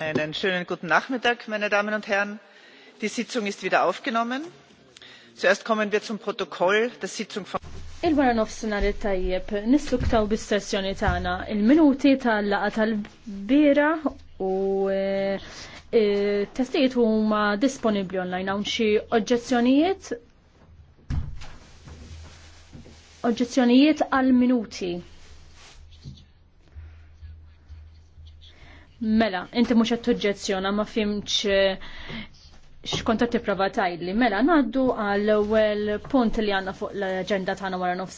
einen schönen guten nachmittag meine damen und herren! die sitzung ist wieder aufgenommen. zuerst kommen wir zum protokoll der sitzung vom. il-wara nofsinhar it-tajjeb nissuktaw bis-sessjoni tagħna il-minuti tal-laqgħa tal-bira u eh, eh, testijiet huma disponibbli online hawn xi oġġezzjonijiet oġġezzjonijiet għal minuti. Mela, inti mhux qed tuġġezzjona ma fimx eh, x'kont qed tipprova tajli. Mela, ngħaddu għall ewwel punt li għandna fuq l-aġenda tagħna wara nofs